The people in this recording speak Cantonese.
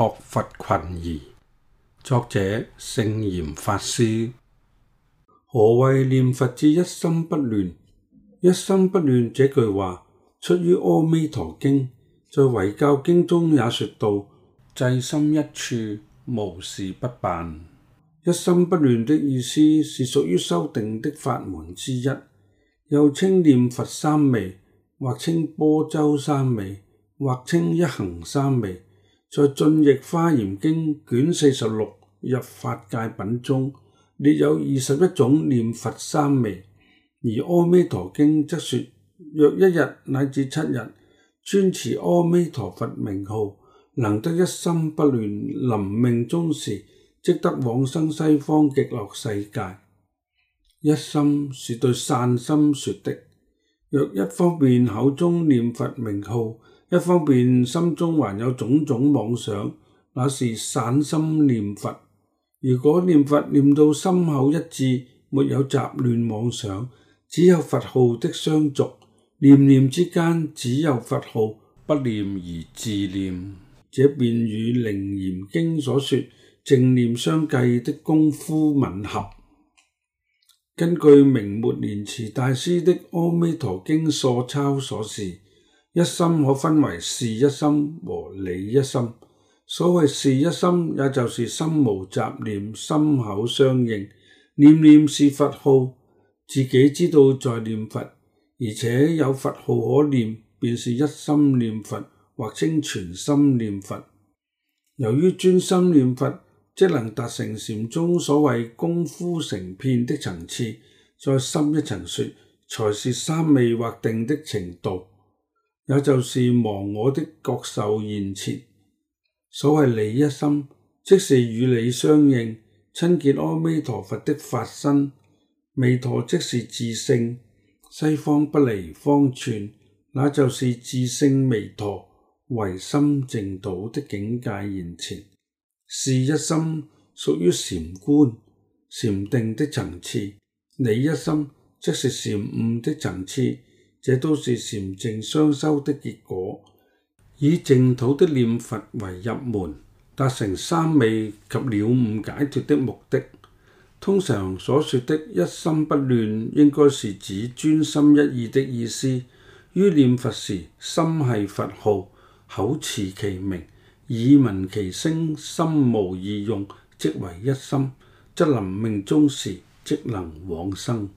學佛群疑，作者聖嚴法師。何謂念佛至一心不亂？一心不亂這句話出於阿彌陀經，在維教經中也說到，制心一處，無事不辦。一心不亂的意思是屬於修定的法門之一，又稱念佛三昧，或稱波舟三昧，或稱一行三昧。」在《晉譯華嚴經》卷四十六入法界品中，列有二十一種念佛三昧；而《阿彌陀經》則說，若一日乃至七日專持阿彌陀佛名號，能得一心不亂，臨命終時即得往生西方極樂世界。一心是對散心說的，若一方面口中念佛名號。一方面心中還有種種妄想，那是散心念佛。如果念佛念到心口一致，沒有雜亂妄想，只有佛號的相續，念念之間只有佛號，不念而自念，這便與《楞嚴經》所說淨念相繼的功夫吻合。根據明末蓮池大師的《阿彌陀經疏鈔》所示。一心可分為事一心和理一心。所謂事一心，也就是心無雜念，心口相應，念念是佛號。自己知道在念佛，而且有佛號可念，便是一心念佛，或稱全心念佛。由於專心念佛，即能達成禪宗所謂功夫成片的層次。再深一層說，才是三昧或定的程度。也就是忘我的覺受現前，所謂理一心，即是與你相應、親見阿彌陀佛的法身，彌陀即是自性，西方不離方寸，那就是自性彌陀唯心淨土的境界現前，事一心屬於禪觀、禪定的層次，理一心即是禪悟的層次。這都是禪淨雙修的結果，以淨土的念佛為入門，達成三昧及了悟解脫的目的。通常所說的一心不亂，應該是指專心一意的意思。於念佛時，心係佛號，口持其名，耳聞其聲，心無二用，即為一心，則臨命終時即能往生。